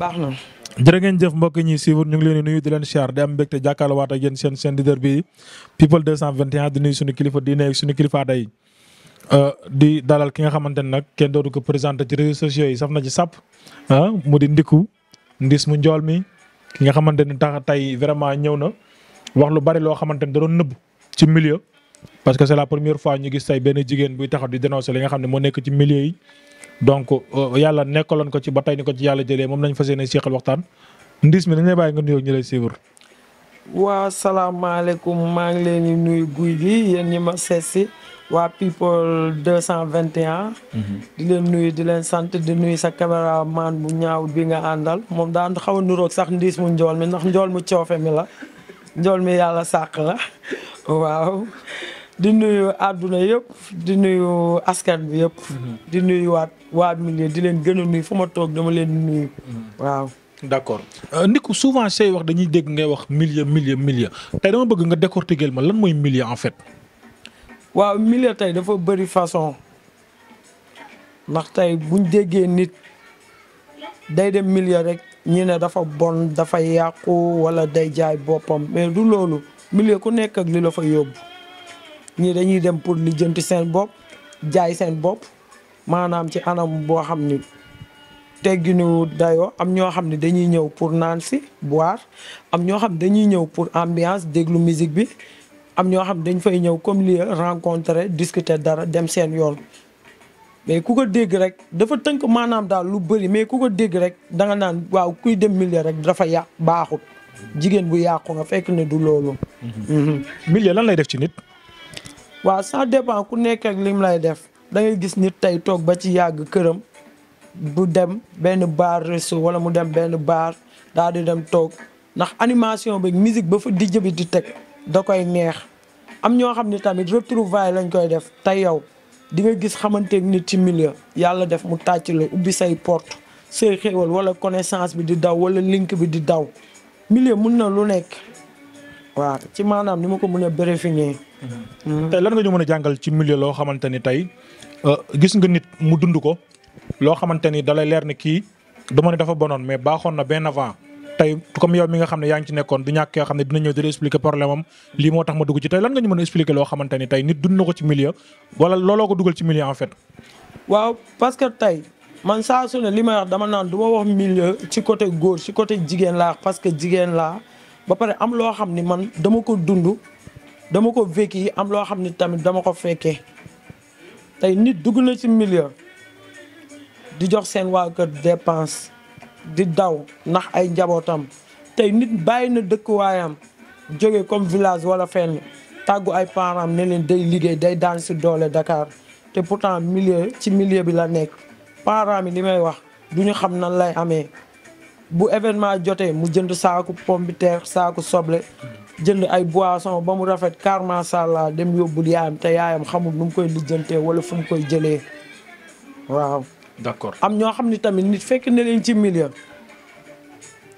baax na. jërë ngeen jëf mbokk ñi suivre ñu ngi leen di nuyu di leen siyaar di am mbégte jàkkaarloo waat ak yéen seen seen leader bi people 221 di nuyu suñu kilifa di nuyu suñu kilifa euh, di dalal ki nga xamante ne nag kenn dootu ko présenté ci réseaux sociaux yi saf na ci sàpp ah, mu di ndiku ndis mu njool mi ki nga xamante ne tax tey vraiment ñëw na wax lu bari loo xamante ne da doon nëbb ci milieu. parce que c'est la première fois ñu gis tey benn jigéen buy taxaw di dénoncer li nga xam ne moo nekk ci milieu yi donc euh, yàlla nekkaloon ko ci ba tey ko ci yàlla jëlee moom lañ fa yéene seqal waxtaan Ndiss mi dañ lay bàyyi nga nuyoo ñu lay suivre. waa salaamaaleykum maa ngi leen di nuyu guy gi yen ñi ma seet si waa people 221. Mhm. di leen nuyu di leen sant di nuyu sa caméraman bu ñaaw bi nga àndal moom daan xaw a nuroog sax Ndiss mu njool mi ndax njool mu coofe mi la njool mi yàlla sàq la waaw. di nuyu àdduna yëpp di nuyu askan bi yëpp. Mhm. di nuyu waat waa milieu di leen gën a nuyu fu ma toog dama leen nuyu. Mhm. waaw d'accord euh, Ndickou souvent say wax dañuy dégg ngay wax millier milieu milieu tey dama bëgg nga décortiquer ma lan mooy milieu en fait. waaw milieu tey dafa bëri façon ndax tey buñ déggee nit day dem milieu rek ñi ne dafa bon dafa yàqu wala day jaay boppam mais du loolu milieu ku nekk ak li la fa yóbbu. ñii dañuy dem pour lijjanti seen bopp jaay seen bopp maanaam ci anam boo xam ni tegginu dayo am ñoo xam ne dañuy ñëw pour naan si boire am ñoo xam dañuy ñëw pour ambiance déglu musique bi am ñoo xam dañ fay ñëw comme li rencontrer discuter dara dem seen yoon mais ku ko dégg rek dafa tënk maanaam daal lu bëri mais ku ko dégg rek danga naan waaw kuy dem millier rek dafa yàq baaxut jigéen bu yàqu nga fekk ne du loolu milieu lan lay def ci nit waaw ça dépend ku nekk ak lim lay def da ngay gis nit tey toog ba ci yàgg këram bu dem benn bar resto wala mu dem benn baar daal di dem toog ndax animation bi musique ba fa dijj bi di teg da koy neex am ñoo xam ne tamit retrouvaille lañ koy def tey yow di nga gis xamante nit ci milieu yàlla def mu tàcc la ubbi say porte say xéewal wala connaissance bi di daw wala link bi di daw milieu mun na lu nekk waaw ci maanaam ni ma ko mën a béréfiner. Mm-hmm. tey lan nga ñu mën a jàngal ci milieu loo xamante ni tey euh, gis nga nit mu dund ko loo xamante ni dalay leer ni kii dama ne dafa bonoon mais baaxoon na benn avant tey comme yow mi nga xam ne yaa ngi ci nekkoon du ñàkk yoo xam ne dina ñëw di la expliquer problème am lii moo tax ma dugg ci tey lan nga ñu mën a expliquer loo xamante ni tey nit dund ko ci milieu wala looloo ko dugal ci milieu en fait. waaw parce que tey man saa su ne li may wax dama naan du ma wax ci côté góor ci côté jigéen laa que jigéen laa. ba pare am loo xam ni man dama ko dund dama ko vécu am loo xam ni tamit dama ko fekke tey nit dugg na ci milieu di jox seen waa kër dépense di daw ndax ay njabootam tey nit bàyyi na dëkkuwaayam jóge comme village wala fenn tàggu ay parents ne leen day liggéey day daan si doole dakaar te pourtant milieu ci milieu bi la nekk parent mi li may wax duñu xam nan lay amee bu événement jotee mu jënd saaku pombiteer saaku soble jënd ay boisson ba mu rafet car macha dem yóbbul yaayam te yaayam xamul nu mu koy lijjantee wala fu mu koy jëlee waaw. am ñoo xam ni tamit nit fekk na leen ci million.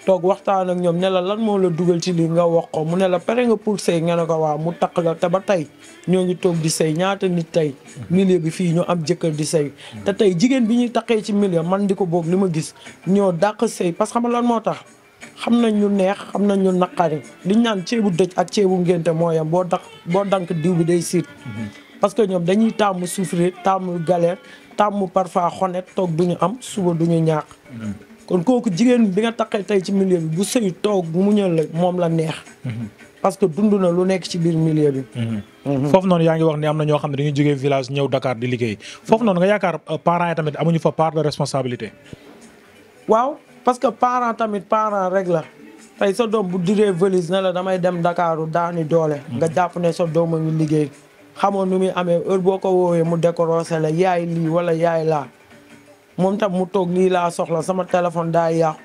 toog waxtaan ak ñoom ne lan moo la dugal ci lii nga wax ko mu ne la pare nga pour sëy nga ko waaw mu takk la te ba tey ñoo ngi toog di sëy ñaata nit tey milieu bi fii ñu am jëkkër di sëy te tey jigéen bi ñuy taqee ci milieu man di ko boog li ma gis ñoo dàq sëy parce que xam lan moo tax xam nañ ñu neex xam nañ ñu naqari liñ naan ceebu dëj ak ceebu ngénte mooyam boo daq boo dank diw bi day siit parce que ñoom dañuy tàmm souffrir tàmm galère tàmm parfois xonet toog duñu am suba duñu ñaax kon kooku jigéen bi nga taqee tey ci milieu bi bu sëy toog muñal la moom la neex. Mm-hmm. parce que dund na lu nekk ci biir millier bi. Mm-hmm. Mm-hmm. foofu noonu yaa ngi wax ni am na ñoo xam ne dañuy jógee village ñëw Dakar di liggéey foofu noonu nga yaakaar euh, parents yi tamit amuñu fa part de responsabilité. waaw parce que parent tamit parent rek la tey sa doom bu diree valise ne la damay dem Dakaaru daani doole. nga jàpp ne sa doom a ngi liggéey. xamoon nu muy amee heure boo ko woowee mu décorosé la yaay lii wala yaay laa. moom tam mu toog lii laa soxla sama téléphone daa yàqu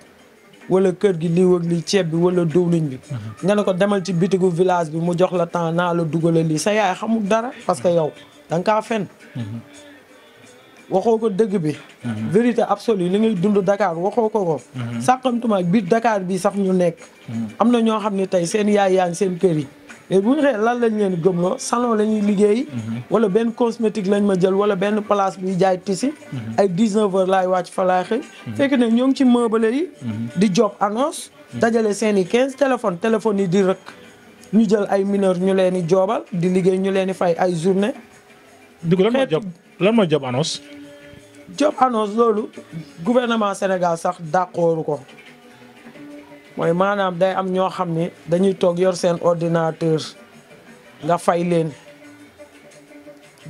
wala kër gi lii wëg lii ceeb bi wala diwlin bi mhm. nga ne ko demal ci bitigu village bi mu jox la temps naa la dugale lii sa yaay xamul dara parce que yow danga kaa fen mhm. waxoo ko dëgg bi mhm. vérité absolue li ngay dund Dakar waxoo ko ko mhm. sàqamtuma biir dakaar bi sax ñu nekk mhm. am na ñoo xam ne tey seen yaay yaa seen kër yi bu ñu xëyee lan lañ leen gëmloo salon la ñuy liggéey wala benn cosmétique lañ ma jël wala benn place buy jaay tisi ay 19 heures laay wàcc fa laay xëy fekk ne ñoo ngi ci meuble yi di job annonce dajale seen i 15 téléphone téléphones yi di rëkk ñu jël ay mineur ñu leen di joobal di liggéey ñu leen di fay ay journée dugg lan mooy job lan job annonce loolu gouvernement Sénégal sax dàqooru ko mooy maanaam day am ñoo xam ne dañuy toog yor seen ordinateur nga fay leen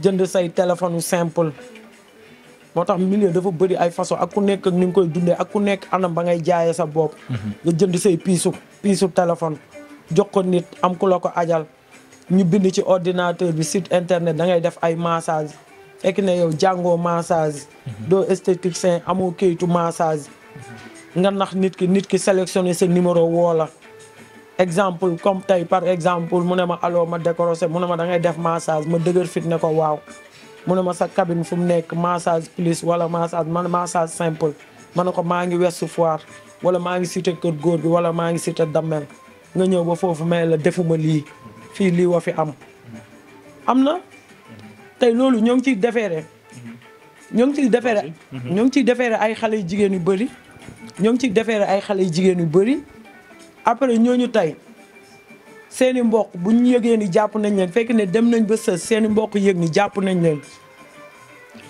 jënd say téléphone simple moo tax milieu dafa bëri ay façon ak ku nekk ak ni koy dundee ak ku nekk anam ba ngay jaayee sa bopp mhm. nga jënd say piisu piisu téléphone jox ko nit am ku ko ajal ñu bind ci ordinateur bi site internet da ngay def ay massage fekk ne yow jàngoo massage doo esthéticien amu kayitu massage nga nax nit ki nit ki sélectionné sa numéro woo la exemple comme tey par exemple mu ne ma allo ma décorosé mu ne ma dangay def massage ma dëgër fit ne ko waaw mu ne ma sa cabine fu mu nekk massage plus wala massage man massage simple ma ne ko maa ngi Ouest foir wala maa ngi cité kër góor gi wala maa ngi cité Damel nga ñëw ba foofu may la defuma lii fii lii wa fi am am na tey loolu ñoo ngi ciy defeere ñoo ngi ciy defeere ñoo ngi ciy defeere ay xale yu jigéen yu bëri ñoo ngi ciy defeere ay xale yu jigéen yu bëri après ñooñu tey seeni mbokk bu ñu yëgee ni jàpp nañ leen fekk ne dem nañ ba sës seeni mbokk yëg ni jàpp nañ leen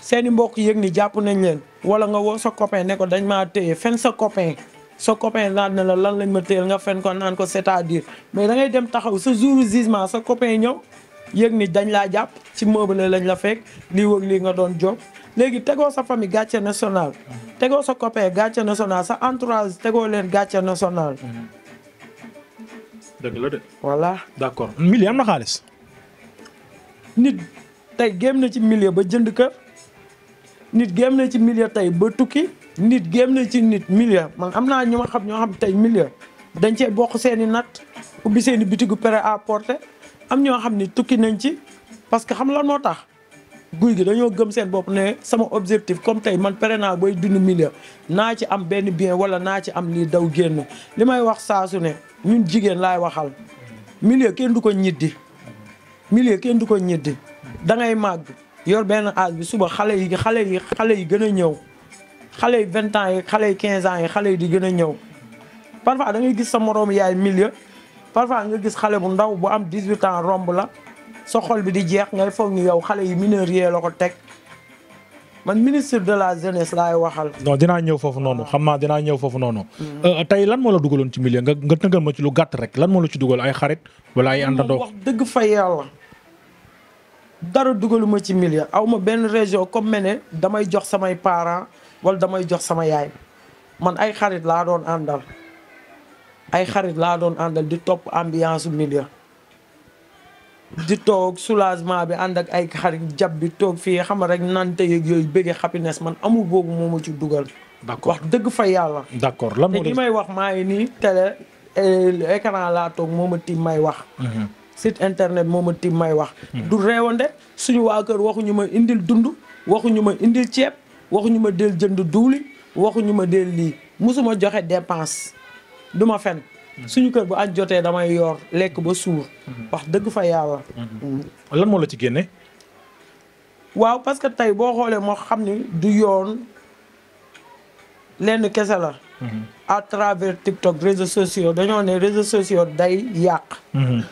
seeni mbokk yëg ni jàpp nañ leen wala nga woo sa copain ne dañ maa téye fen sa copain sa copain laaj na la lan lañ ma téye nga fen ko naan ko c'est-à-dire mais dangay dem taxaw sa jour jugement sa copain ñëw yëg ni dañ laa jàpp ci meuble lañ la fekk lii wëg lii nga doon job léegi tegoo sa famille gàcce national tegoo sa copain gàcce national sa entourage tegoo leen gàcce nationale dëgg voilà accord millier am na xaalis. nit tey géem na ci millier ba jënd kër nit géem na ci millier tey ba tukki nit géem na ci nit millier man am naa ñu ma xam ñoo xam tey millier dañ cee bokk seeni i ubbi seeni i bitigu prêt à porter am ñoo xam ni tukki nañ ci. parce que xam lan moo tax guy gi dañoo gëm seen bopp ne sama objectif comme tey man pere naa booy dund million naa ci am benn bien wala naa ci am lii daw génn li may wax saa ne ñun jigéen laay waxal million kenn du ko ñiddi million kenn du ko ñiddi da ngay màgg yor benn âge bi suba xale yi xale yi xale yi gën a ñëw xale yi vingt ans yi xale yi quinze ans yi xale yi di gën a ñëw parfois da gis sa moroom yaay million parfois nga gis xale bu ndaw bu am dix-huit ans romb la sa xol bi di jeex ngay foog ni yow xale yi mineur yee la ko teg man ministre de la jeunesse laay waxal. non dinaa ñëw foofu noonu xam naa dinaa ñëw foofu noonu. Mm. Euh, tey lan moo la dugaloon ci milieu nga nga tënkal ma ci lu gàtt rek lan moo la ci dugal ay xarit wala ay àndandoo. wax fa yàlla dara dugaluma ci milieu aw ma benn région comme mel ne damay jox samay parents wala damay jox sama yaay man ay xarit laa doon àndal ay xarit laa doon àndal di topp ambiance milieu. di toog soulagement bi ànd ak ay xarit jab bi toog fii xam rek nante yeeg yooyu bëggee happiness man amul boobu moo ma ci dugal. d'accord wax dëgg fa yàlla. d'accord lan moo te li may wax maa ngi nii télé eh, écran laa toog moom ma tiim may wax. Mhm. site internet moom ma tiim may wax. Mhm. du réewande suñu waa kër waxuñu ma indil dund waxuñu ma indil ceeb waxuñu ma del jënd duuli waxuñu ma del lii musuma joxe dépense du ma fen suñu kër bu añ jotee damay yor lekk ba suur. Mhm. wax dëgg fa yàlla. Mhm. lan moo la ci génne. waaw parce que tey boo xoolee moo xam ni du yoon lenn kese la. Mhm. à travers TikTok réseaux sociaux dañoo ne réseaux sociaux day yàq.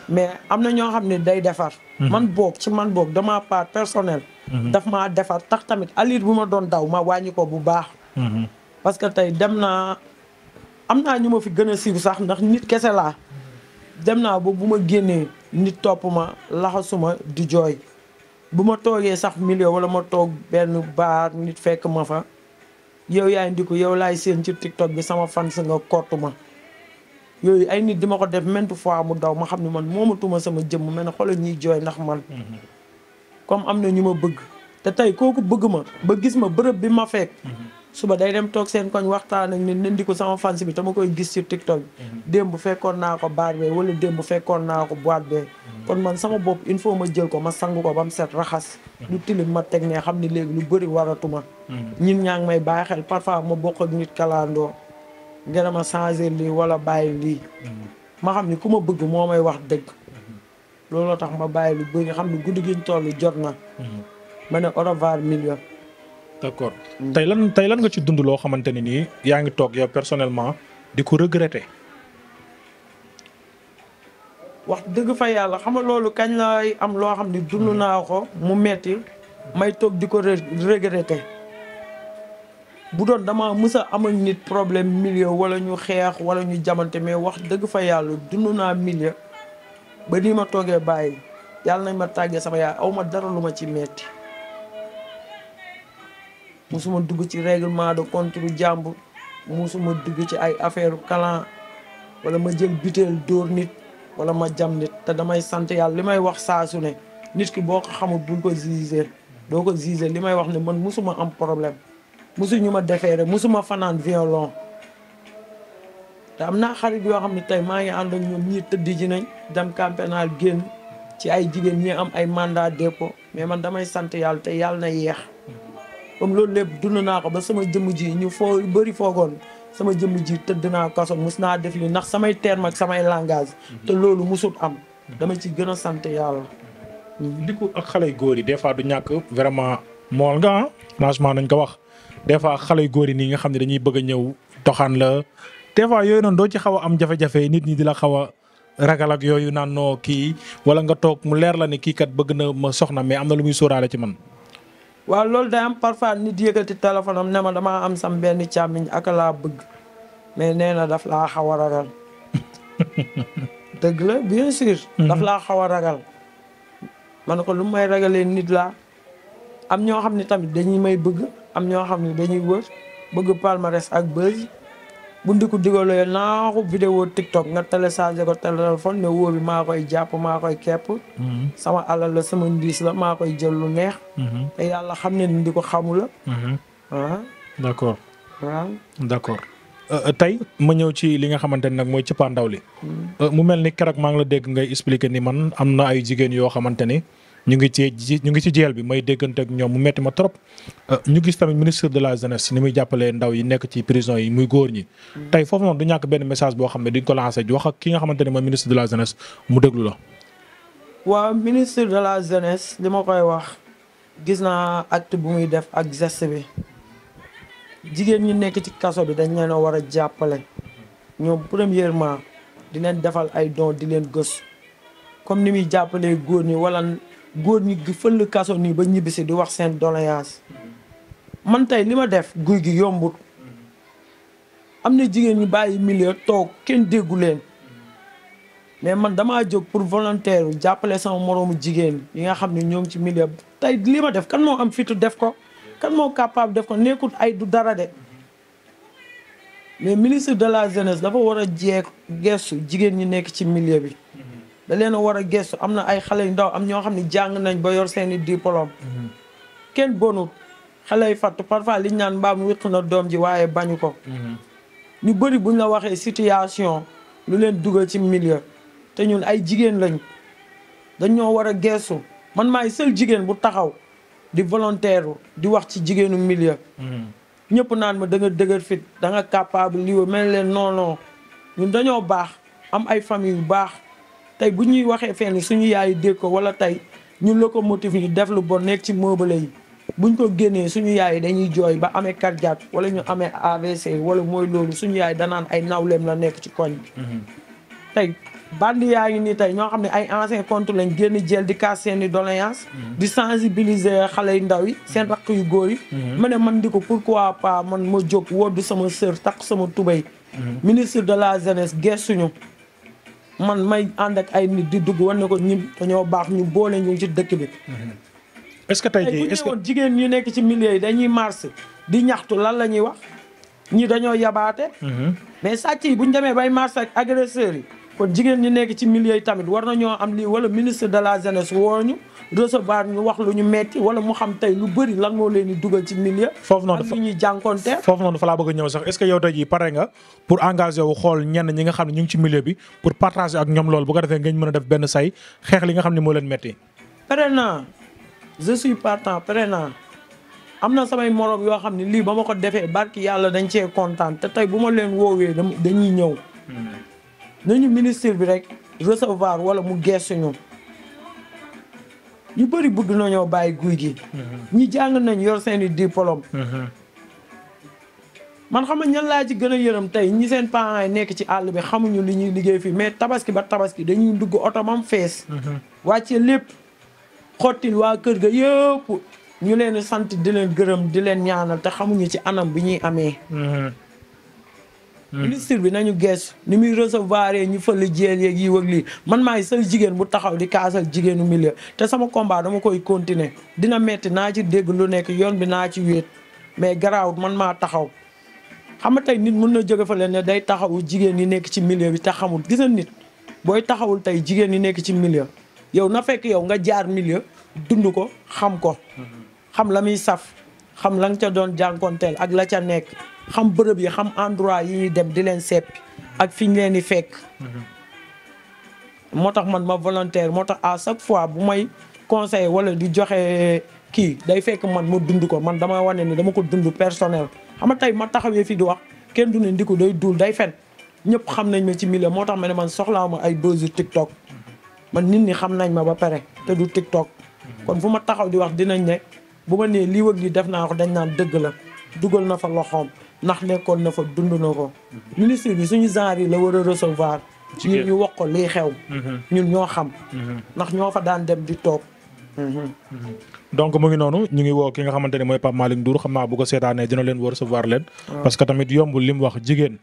mais am na ñoo xam ne day defar. man boog ci man boog de ma part personnelle. ma defar tax tamit alir bu ma doon daw ma wàññi ko bu baax. parce tey dem naa am naa ñu ma fi gën a siiw sax ndax nit kese laa dem naa ba bu ma génnee nit topp ma laxasuma di jooy bu ma toogee sax milieu wala ma toog benn baar nit fekk ma fa yow yaay ndiku yow laay seen ci tiktok bi sama fans nga kottu ma yooyu ay nit di ma ko def maintes fois mu daw ma xam ne man moomatuma sama jëmm mel ne xoolal ñuy jooy ndax man mm-hmm. comme am na ñu ma bëgg te tey kooku bëgg ma ba gis ma bërëb bi ma fekk mm-hmm. suba day dem toog seen koñ waxtaan ak nit nendi ko sama fans bi te koy gis ci TikTok mhm. démb fekkoon naa ko baar bee wala démb fekkoon naa ko boîte be mhm. kon man sama bopp il faut ma jël ko ma sangu ko ba mu set raxas lu mhm. tilim ma teg ne xam ni léegi lu bëri waratuma ñin ñaa ngi may bàyyi xel parfois ma bokk ak nit kalaandoo ngena ma changer lii wala bàyyi lii ma xam ni ku ma bëgg moo may wax dëgg loolu looloo tax ma bàyyi lu bëri xam ni guddi giñ toll jot na ma ne au million d'accord tey lan tey lan nga ci dund loo xamante ne nii yaa ngi toog yow personnellement di ko regretter. wax dëgg fa yàlla xam nga loolu kañ lay am loo xam ne dund mm-hmm. naa ko mu metti may toog di ko regretter bu doon dama mës a amal nit problème milieu wala ñu xeex wala ñu jamante mais wax dëgg fa yàlla dund naa milieu ba nii ma toogee bàyyi yàlla nañ ma tàggee sama yaay aw ma dara lu ma ci metti musuma dugg ci règlement de compte bu jàmbur musuma dugg ci ay affaire kalan wala ma jël butéel dóor nit wala ma jam nit te damay sant yàlla li may wax saa su ne nit ki boo ko xamul bul ko jugé doo ko jugé li may wax ne man musuma am problème ñu ma defeere musuma fanaan violon te am naa xarit yoo xam ne tey maa ngi ànd ak ñoom ñii tëdd ji nañ dem camp génn ci ay jigéen ñi am ay mandat dépôt mais man damay sant yàlla te yàlla na yeex comme loolu lépp dund naa ko ba sama jëmm jii ñu foo bëri foogoon sama jëmm jii tëdd naa kaso mos naa def li ndax samay terme ak samay langage mhm. te loolu musut am dama ci gën a sant yàlla mhm. di ko ak xale góor yi des fois du ñàkk vraiment mool nga ah nañ ko wax des fois xale góor yi nii nga xam ne dañuy bëgg a ñëw toxaan la des fois yooyu noonu doo ci xaw a am jafe nit ñi di xaw a ragal yooyu naan noo kii wala nga toog mu leer la ne kiikat bëgg na ma soxna mais am na lu muy sóoraale ci man waaw loolu day am parfois nit yëkkati téléphone am ne ma damaa am sam benn càmmiñ ak laa bëgg mais nee na daf laa xaw a ragal dëgg la bien sûr. Mhm. daf laa xaw a ragal. ma ne ko lu may ragalee nit laa am ñoo xam ne tamit dañuy may bëgg am ñoo xam ne dañuy wër bëgg palmarès ak buzz bu ndi ko digalee naaxu vidéo TikTok nga téléchargé ko téléphone ne wóor bi maa koy jàpp maa koy kepp mm-hmm. sama alal la sama ndiis la maa koy jël lu neex mm-hmm. te yàlla xam ne ni di ko xamu la d' accord waaw tey ma ñëw ci li nga xamante ne nag mooy cëppaandaw li mm. euh, mu mel ni keroog maa ngi la dégg ngay expliqué ni man am na ay jigéen yoo xamante ni ñu ngi ci ñu ngi ci jeel bi may déggante ak ñoom mu metti ma trop euh, ñu gis tamit ministre de la jeunesse ni muy jàppalee ndaw yi nekk ci prison yi muy góor ñi tey foofu noonu du ñàkk benn message boo xam ne di ko lancé wax ak ki ne mooy ministre de la mu déglu la waa ministre de la jeunesse li ma koy wax gis naa acte bu muy def ak geste bi jigéen ñi nekk ci kaso bi dañ leen a war a jàppale ñoom premièrement di leen defal ay don di leen gës comme ni muy jàppalee góor ñi fëll kaso nii ba ñibbisee di wax seen doléance man tey li ma def guy gi yombut am na jigéen ñi bàyyi milieu toog kenn déggu leen mais man damaa jóg pour volontaire jàppale sama moroomu jigéen yi nga xam ne ñoo ngi ci milieu tey li ma def kan moo am fitu def ko kan moo capable def ko nekkut ay du dara de mais ministre de la jeunesse dafa war a jeeg gestu jigéen ñi nekk ci milieu bi da leen a war a gëstu am na ay xale yu ndaw am ñoo xam ne jàng nañ ba yor seeni i diplôme mhm. kenn bonut xale yu fàttu parfois liñ naan mbaam wéq na doom ji waaye bañu ko mhm. ñu bëri buñ la waxee situation lu leen dugal ci milieu te ñun ay jigéen lañ dañ ñoo war a gëstu man maay sël jigéen bu taxaw di volontaire di wax ci jigéenu milieu mhm. ñëpp naan ma da nga dëgër fit da nga capable mel leen non ñun dañoo baax am ay famille yu baax tey bu ñuy waxee fenn suñu yaay dégg ko wala tey ñu locomotive ñu def lu bon nekk ci meuble yi buñ ko génnee suñu yaay dañuy jooy ba amee cardiaque wala ñu amee AVC wala mooy loolu suñu yaay danaan ay nawleem la nekk ci koñ bi mhm. tey band yaa ngi nii tey ñoo xam ne ay ancien compte lañ génn jël di kaas seen i doléance mhm. di sensibiliser xale yu ndaw yi seen rakk yu góor yi mhm. ma ne man di ko quoi pas man ma jóg woddu sama sër takk sama tubéy ministre de la jeunesse gestuñu man may ànd ak ay nit di dugg wan ne ko ñun dañoo baax ñu boole ñu ci dëkk bi. est-ce que tey jii jigéen ñu nekk ci milieu yi dañuy marché di ñaxtu lan la ñuy wax ñi dañoo yabaate. Mhm. mais sàcc yi bu ñu demee bay marché ak agresseurs yi kon jigéen ñu nekk ci millier yi tamit war ñoo am lii wala ministre de la jeunesse woo ñu. recevoir ñu wax lu ñu metti wala mu xam tey lu bëri lan moo leen di dugal ci milieu foofu noonu ak lu ñuy jànkoonte foofu noonu fa laa bëgg ñëw sax est-ce que yow tey jii pare nga pour engagé wu xool ñenn ñi nga xam ne ñu ngi ci milieu bi pour partager ak ñoom loolu bu ko defee ngeen mën a def benn say xeex li nga xam ne moo leen metti pare naa je suis partant pare naa am na samay moroom yoo xam ne lii ba ma ko defee barki yàlla dañ cee kontaan te tey bu ma leen woowee dañuy ñëw hmm. nañu ministre bi rek recevoir wala mu geesuñu ñu bëri bëgg nañoo bàyyi guy gi. Mm-hmm. ñi jàng nañ yor seen i diplôme. Mm-hmm. man xam nga ñan laa ci gën a yërëm tey ñi seen parents yi nekk ci àll bi xamuñu li ñuy liggéey fii mais tabaski ba tabaski dañuy dugg oto mam fees. Mm-hmm. wàcce lépp xottil waa kër ga yëpp ñu leen sant di leen gërëm di leen ñaanal te xamuñu ci anam bi ñuy amee. Hmm. ministre bi nañu gees ni muy recevoir ñu fële jéel yeeg yi wëg lii man maay seul jigéen bu taxaw di kaasal jigéenu milieu te sama combat dama koy continuer dina metti naa ci dégg lu nekk yoon bi naa ci wéet mais garaawut man maa taxaw xam nga tey nit mun na jóge fële ne day taxawu jigéen yi nekk ci milieu bi te xamul gis nit booy taxawul tey jigéen yi nekk ci milieu yow na fekk yow nga jaar milieu dund ko xam ko hmm. xam la muy saf xam la nga ca doon jànkonteel ak la ca nekk xam bërëb yi xam endroit yi ñuy dem di leen seppi ak fi leen di fekk moo tax man ma volontaire moo tax à chaque fois bu may conseil wala di joxe kii day fekk man ma dund ko man dama wane ni dama ko dund personnel xam nga tey ma taxawee fii di wax kenn du ne ndiku day duul day fen ñëpp xam nañ ma ci milieu moo tax ma ne man soxlaa ma ay buzz TikTok man nit ñi xam nañ ma ba pare te du TikTok kon fu ma taxaw di wax dinañ ne bu ma nee lii wëg lii def naa ko dañ naan dëgg la dugal na fa loxoom ndax nekkoon na fa dund na ko. ministre bi suñu genre yi la war a recevoir. ñun ñu wax ko lii xew. Mhm. ñun ñoo xam. Mhm. ndax ñoo fa daan dem di toog. Mhm. donc mu ngi noonu ñu ngi woo ki nga xamante ne mooy Pape Malick Ndour xam naa bu ko seetaanee dina leen war recevoir leen. parce que tamit yombul li mu wax jigéen.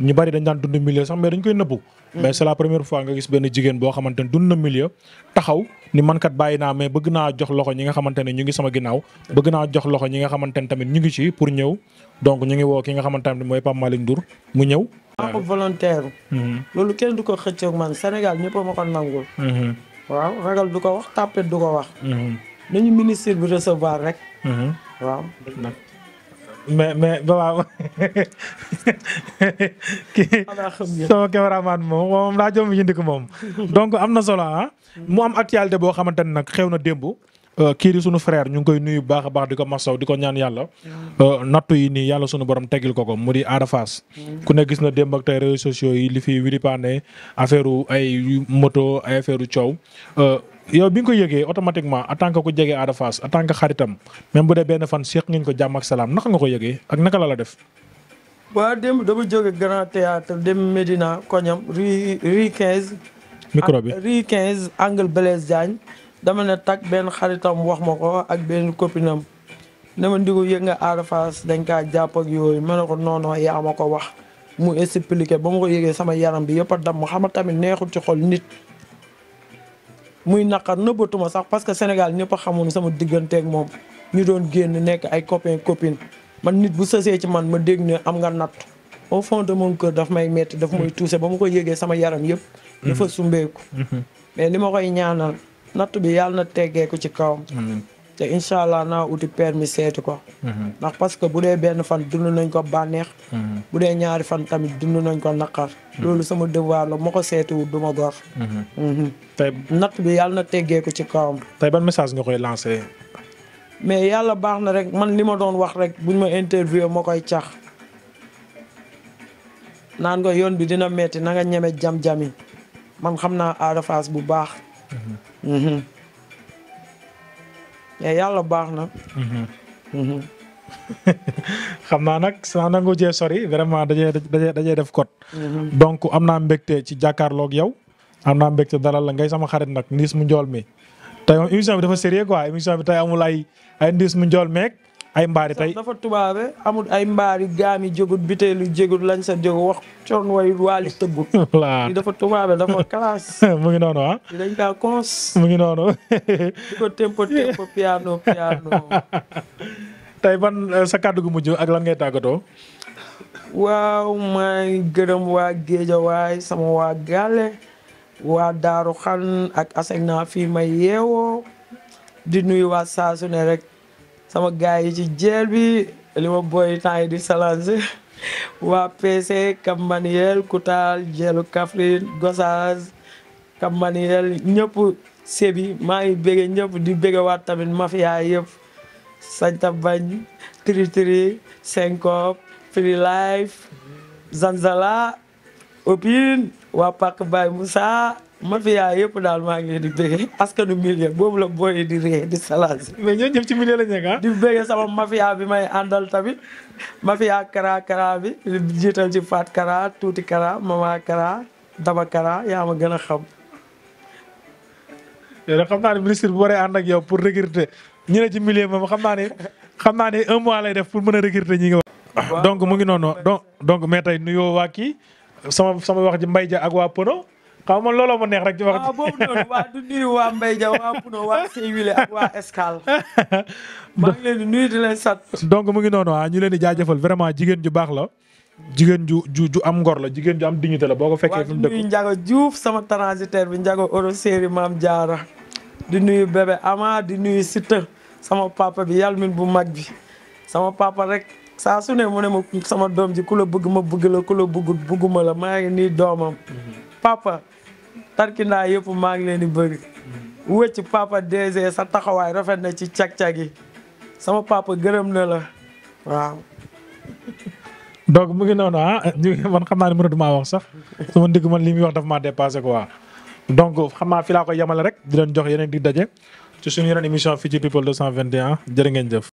ñu bari dañ daan dund milieu sax mais dañ koy nëbbu. Mm. mais c'est la première fois nga gis benn jigéen boo xamante dund na taxaw ni man bàyyi naa mais bëgg naa jox loxo ñi nga xamante ne ñu ngi sama ginnaaw. bëgg naa jox loxo ñi nga xamante ne tamit ñu ngi ci pour ñëw donc ñu ngi woo ki nga xamante ne mooy Pape Malick Ndour mu ñëw. waaw volontaire. Mm-hmm. loolu kenn du ko xëcc ak man Sénégal ñëpp ma ko nangul. Mm-hmm. waaw ragal du ko wax tàppet du ko wax. Mm-hmm. nañu ministre bi recevoir rek. waaw. mais mais baba kii sama cameraman moom moom laa jëm yëndiku moom. donc am na solo ah. mu am actualité boo xamante ne nag xew na démb. Euh, kii sunu frère ñu ngi koy nuyu baax a baax di ko masaw di ko ñaan yàlla. Mm. Euh, nattu yi nii yàlla sunu borom teggil ko ko mu di Ada Fass. Mm. ku ne gis na démb ak tey réseaux sociaux yi li fi wiripaane affaire ay moto ay affaire coow. Euh, yow bi nga ko yëgee automatiquement en tant que ku jege Ada Fass en tant que xaritam même bu dee benn fan seq ngeen ko jàmm ak salaam naka nga ko yëgee ak naka la la def. waa démb dama jóge Grand Théâtre dem Médina koñam rue rue 15. bi rue 15 angle Blaise Diagne dama ne tak benn xaritam wax ma ko ak benn copine am ne ma ndigu yëg nga Ada dañ ka jàpp yooyu ma ne ko non non yaa ma ko wax mu expliqué ba ma ko yëgee sama yaram bi yëpp a damm xam tamit neexul ci xol nit. muy naqar nëbbatuma sax parce que Sénégal ñëpp a xamoon sama digganteek moom ñu doon génn nekk ay copain copine man nit bu sësee ci man ma dégg ne am nga natt au fond de mon cœur daf may metti daf may touché ba ma ko yëgee sama yaram yëpp dafa mhm. sumbeeku mhm. mais li ma koy ñaanal natt bi yàlla na teggeeku ci kawam te incha allah naa uti permis seetu ko. Mhm. ndax parce que bu dee benn fan dund nañ ko bànneex. Mhm. bu dee ñaari fan tamit dund nañ ko naqar. Mhm. loolu sama devoir la ma ko seetu du ma gor. tey bi yàlla na teggee ko ci kawam. te ban message nga koy lancé. mais yàlla baax na rek man li ma doon wax rek buñ ma interviewé moo koy cax. naan ko yoon bi dina metti nanga nga ñeme jam-jami man xam naa Ada bu baax. mais yàlla baax na. Mhm. Mhm. xam naa nag sa nangu jee sori vraiment dajee dajee dajee def kot. Mhm. donc am naa mbégte ci jàkkaarloog yow. am naa mbégte dalal la ngay sama xarit nag ndiis mu njool mi tey moom émission bi dafa sérieux quoi émission bi tey amul ay ay ndiis mu njool meek. ay mbaari tey dafa tubaabe amul ay mbaari gaami jégut biteelu jégut lañ sa jégu wax coon way waali tëggut voilà dafa tubaabe dafa classe mu ngi noonu ah dañ kaa cons mu eh, sa kàddu gu mujj ak lan ngay tàggatoo waaw maa gërëm waa Géejawaay sama waa Gale waa Daaru Xan ak Asegna fii may yeewoo di nuyu waa saa rek sama gars yi ci jeel bi li ma booy temps yi di salanse waa PC Cap Manuel Koutal jeelu Kaffrine Gossas Cap Manuel ñëpp sébi maa ngi ñëpp di bége waat tamit mafia yëpp sañta bañ tri tri Syncop Free Life Zanzala Opine waa Pak Baye Moussa mafia yëpp daal maa ngi leen di bëggee askanu milieu boobu la booy di ree di salaas. mais ñoo ñëpp ci milieu la ñu nekk ah? di bëggee sama mafia bi may àndal tamit mafia kara kara bi jiital ci faat kara tuuti kara mama kara daba kara yaa ma gën a xam. yow nag xam naa ne ministre bu waree ànd ak pour recruter ñu ne ci milieu moom xam naa ne xam naa ne un mois lay def pour mën a recruter ñi nga wax. donc mu ngi noonu donc donc mais tey waa kii sama wax ji mbay ja xaw ma looloo ma neex rek ci wax. waaw boobu noonu waa du nuyu waa Mbaye Dia waa Puno waa Seywiile ak waa Escale. maa leen di nuyu di leen sant. donc mu ngi noonu ah ñu leen di jaajëfal vraiment jigéen ju baax la. jigéen ju ju ju am ngor la jigéen ju am dignité la boo ko fekkee. fi mu dëkk waaw di nuyu Ndiago Diouf sama transitaire bi Ndiago Oro Maam Jaara di nuyu bébé Ama di nuyu Siteu sama papa bi yàlla min bu mag bi sama papa rek. saa su ne mu ne ma sama doom ji ku la bëgg ma bëgg la ku la bëgguma la maa ngi nii doomam mhm. papa tarkindaa yëpp maa ngi leen di bëgg wëcc papa DG sa taxawaay rafet na ci cag-cag yi sama papa gërëm na la waaw. donc mu ngi noonu ah ñu man xam naa ne mënatu maa wax sax su ma ndigg man li muy wax dafa maa dépassé quoi donc xam naa fi laa koy yemale rek di leen jox yeneen di daje ci suñu yeneen émission fii ci people vingt jërë ngeen jëf.